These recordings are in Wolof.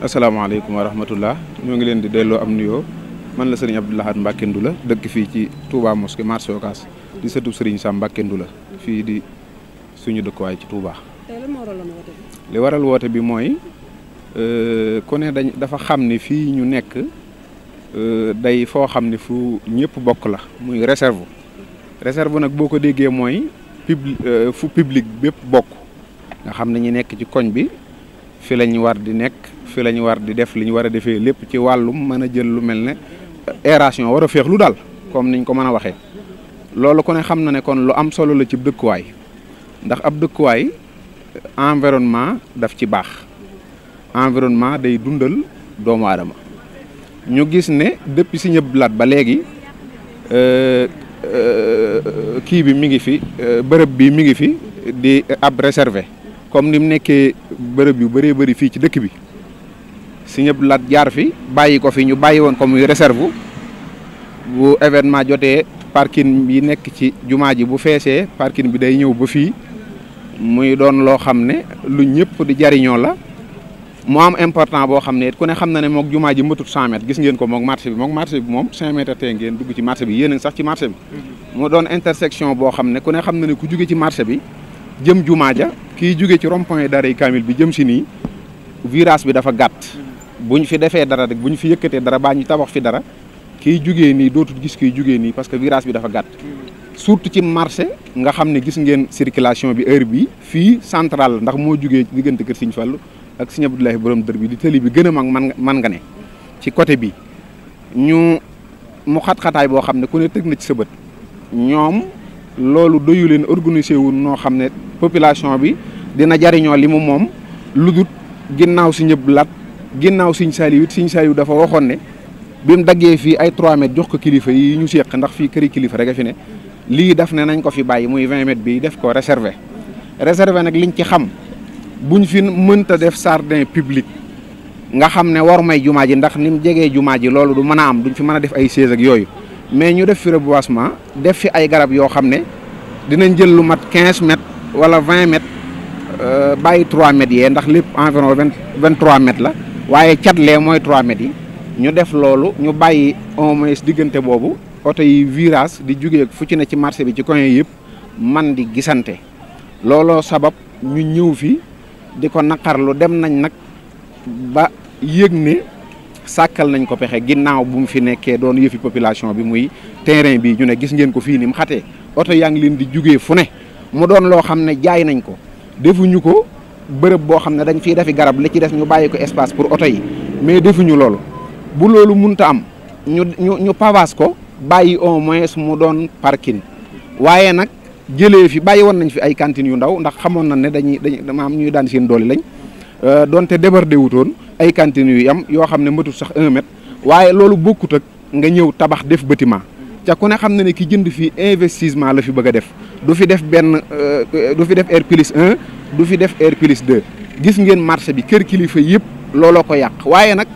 asalaamaaleykum wa rahmatullah ñoo ngi leen di delloo am nuyoo man la sëriñ Abdou Lahad Mbacké Ndoulo dëkk fii ci Touba Mosquée marché Ocass di sëtub sëriñ Sam Mbacké Ndoulo fii di suñu dëkkuwaay ci Touba. li waral woote bi mooy euh, ku ne dañ dafa xam ni fii ñu nekk euh, day foo xam ni fu ñëpp bokk la muy réserve réserve nag boo ko déggee mooy publi euh, fu public bépp bokk nga xam nañu nekk ci koñ bi fi lañ war di nekk. fi la ñu war di def li ñu war a defee lépp ci wàllum mën a jël lu mel ne ération war féex lu daal comme niñ ko mën a waxee loolu ku ne xam na ne kon lu am solo la ci dëkkuwaay ndax ab dëkkuwaay environnement daf ci baax environnement day dundal doomu aadama ñu gis ne depuis si ñëpp laat ba léegi euh, euh, kii bi mu ngi fi euh, bërëb bi mi ngi fi di ab réservé comme ni mu nekkee bërëb yu bëree bëri fii ci dëkk bi si ñëpp laat jaar fi bàyyi ko fi ñu bàyyi woon ko muy réserve bu événement jotee parking bi nekk ci jumaa ji bu feesee parking bi day ñëw ba fii muy doon loo xam ne lu ñëpp di jariñoo la moo am important boo xam ne ku ne xam na ne mook jumaa ji matut 100 gis ngeen ko mook marché bi mook marché bi moom 5 mètres tee dugg ci marché bi yéen a ngi sax ci marché mhm. doon intersection boo xam ne ku ne xam na ne ku jóge ci marché bi jëm jumaa ja kii jóge ci rond point daaray kaamil bi jëm si nii virage bi dafa gàtt mhm. ñu fi defee dara bu ñu fi yëkkatee dara baa ñu tabax fi dara kiy jugee nii dootul gis kiy jugee nii parce que virage bi dafa gàtt. surtout ci marché nga xam ne gis ngeen circulation bi heure bi fii central ndax moo jugee diggante kër Sëñ Fallu ak Sëñ Abdoulahi borom dër bi di tëli bi gën a mag man man nga ne ci côté bi ñu mu xat-xataay boo xam ne ku ne tëg na ci sa bët ñoom loolu doyu leen organiser wu noo xam ne population bi dina jariñoo li mu moom ludut ginnaaw si ñëpp ginnaaw Sëñ Saaliw siñ Sëñ Saaliw dafa waxoon ne bi mu daggee fii ay 3 mètres jox ko kilifa yi ñu séq ndax fii këri kilifa rek a fi ne lii daf ne nañ ko fi bàyyi muy 20 mètres bi def ko réservé réservé nag liñ ci xam buñ fi mënta def jardin public nga xam ne war may jumaa ji ndax ni mu jegee jumaa ji loolu du mën a am duñ fi mën a def ay chaise ak yooyu mais ñu def fi reboisement def fi ay garab yoo xam ne dinañ jël lu mat 15 mètres wala 20 mètres euh, bàyyi 3 yee ndax lépp environ 23 mètres la waaye catlee mooy 3 mètres yi ñu def loolu ñu bàyyi au moins diggante boobu oto yi virage di jugee fu ci ne ci marché bi ci coin yëpp man di gisante looloo sabab ñu ñëw fi di ko naqarlu dem nañ nag ba yëg ne sàkkal nañ ko pexe ginnaaw bu mu fi nekkee doon yëfi population bi muy terrain bi ñu ne gis ngeen ko fii ni mu xatee oto yaa ngi leen di jugee fu ne mu doon loo xam ne jaay nañ ko defuñu ko bërëb boo xam ne dañ fiy defi garab li ci des ñu bàyyi ko espace pour oto yi mais defuñu loolu bu loolu munta am ñu ñu ñu pavage ko bàyyi au moins mu doon parking waaye nag jëlee fi bàyyi woon nañ fi ay cantines yu ndaw ndax xamoon na ne dañuy dañ maam ñuy daan seen doole lañ euh, donte débordé wutoon ay cantines yu am yoo xam ne matul sax un mètre waaye loolu bokkut ak nga ñëw tabax def bâtiment ca ku ne xam na ne ki jënd fii investissement la fi bëgg a def du fi def benn euh, du fi def R plus du fi def air plus 2 gis ngeen marché bi kër kilifa yëpp looloo ko yàq waaye nag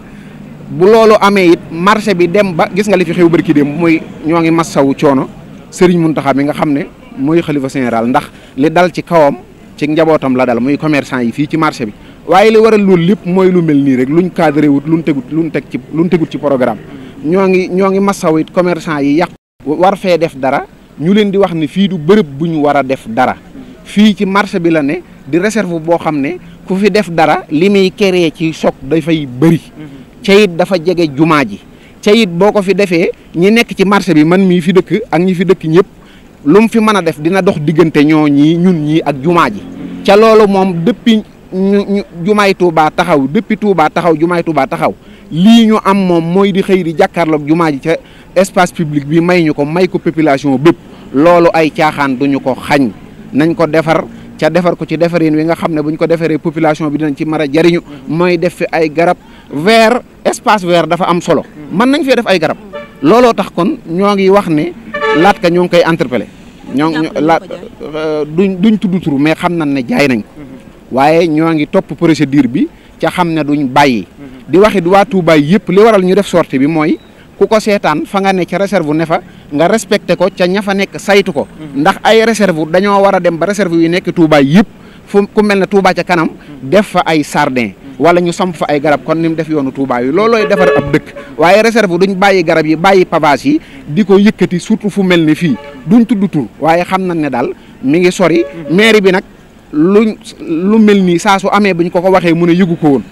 bu loolu amee it marché bi dem ba gis nga li fi xew barki dem muy ñoo ngi massawu coono Serigne Mountakha mi nga xam ne mooy xalifa général ndax li dal ci kawam ci njabootam la dal muy commerçant yi fii ci marché bi waaye waral loolu lépp mooy lu mel nii rek luñ cadré wut luñ tegut luñ teg ci luñ tegut ci programme ñoo ngi ñoo ngi massawu it commerçant yi yàq war fee def dara ñu leen di wax ne fii du bërëb bu ñu war a def dara fii ci marché bi la ne di reserve boo xam ne ku fi def dara li muy créer ci choc dafay bëri mhm. cayit dafa jege jumaa ji cayit boo ko fi defee ñi nekk ci marché bi man mi fi dëkk ak ñi fi dëkk ñëpp lu mu fi mën a def dina dox diggante ñoo ñii ñun ñii ak jumaa ji mhm. ca loolu moom depuis ñu jumaay Touba taxaw depuis Touba taxaw jumaay Touba taxaw lii ñu am moom mooy di xëy di jàkkaarlook jumaa ji ca espace public bi may ñu ko may ko population bépp loolu ay caaxaan duñu ko xañ nañ ko defar ca defar ko ci defarin wi nga xam ne bu ñu ko defaree population bi dinañ ci mën a jariñu mooy def fi ay garab vert espace vert dafa am solo mën nañ fee def ay garab looloo tax kon ñoo ngi wax ne laat ka ñoo ngi koy interpellé ñoo la euh, duñ duñ tudd mais xam nañ ne jaay nañ ko waaye ñoo ngi topp procédure bi ca xam ne duñ bàyyi mm-hmm. di waxit waa Touba yëpp li waral ñu def sortie bi mooy ku ko seetaan fa nga ne ca réserve nefa nga respecté ko ca ña fa nekk saytu ko. Mm-hmm. ndax ay réserve dañoo war a dem ba réserve yu nekk Touba yëpp fu ku mel ne Touba ca kanam. Mm-hmm. def fa ay sardin. Mm-hmm. wala ñu samp fa ay garab kon ni mu def yoonu Touba yi loolooy defar ab dëkk waaye réserve duñ bàyyi garab yi bàyyi pavage yi di ko yëkkati surtout fu mel ni fii duñ tudd tur waaye xam nañ ne daal mi ngi sori. mairie bi nag luñ lu mel nii saa su amee buñ ko ko waxee mun a yëgu ko woon.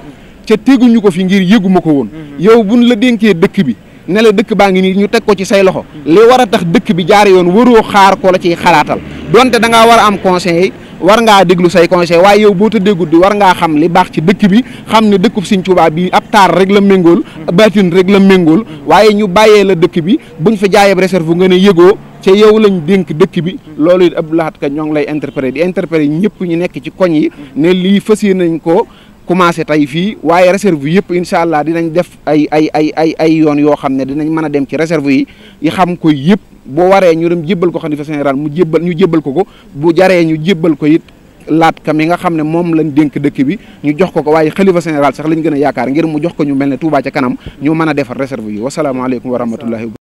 ca teguñu ko fi ngir yëgu ko woon. yow la dénkee dëkk bi. ne la dëkk baa ngi nii ñu teg ko ci say loxo li war a tax dëkk bi jaar yoon waroo xaar ko la ciy xalaatal donte da war a am conseil war ngaa déglu say conseil waaye yow boo tëddee guddi war ngaa xam li baax ci dëkk bi xam ne dëkkub Sëñ Tuubaa bi ab taar rek la méngool baatin rek la méngool waaye ñu bàyyee la dëkk bi buñ fa jaayeb réserve nga ne yëgoo ca yow lañ dénk dëkk bi loolu it Abdou Lahad Ka ñoo ngi lay interpellé di interpellé ñëpp ñu nekk ci koñ yi ne lii fas yéene nañ ko commencé tey fii waaye reserve yëpp incha allah dinañ def ay ay ay ay ay yoon yoo xam ne dinañ mën a dem ci reserve yi yi xam ko yëpp boo waree ñu dem jébbal ko xalifa général mu jébbal ñu jébbal ko ko bu jaree ñu jébbal ko it laat ka mi nga xam ne moom lañ denk dëkk bi ñu jox ko ko waaye xalifa général sax lañ gën a yaakaar ngir mu jox ko ñu mel ne Touba ca kanam ñu mën a defar réserve yi wasalaamaaleykum wa rahmatullahi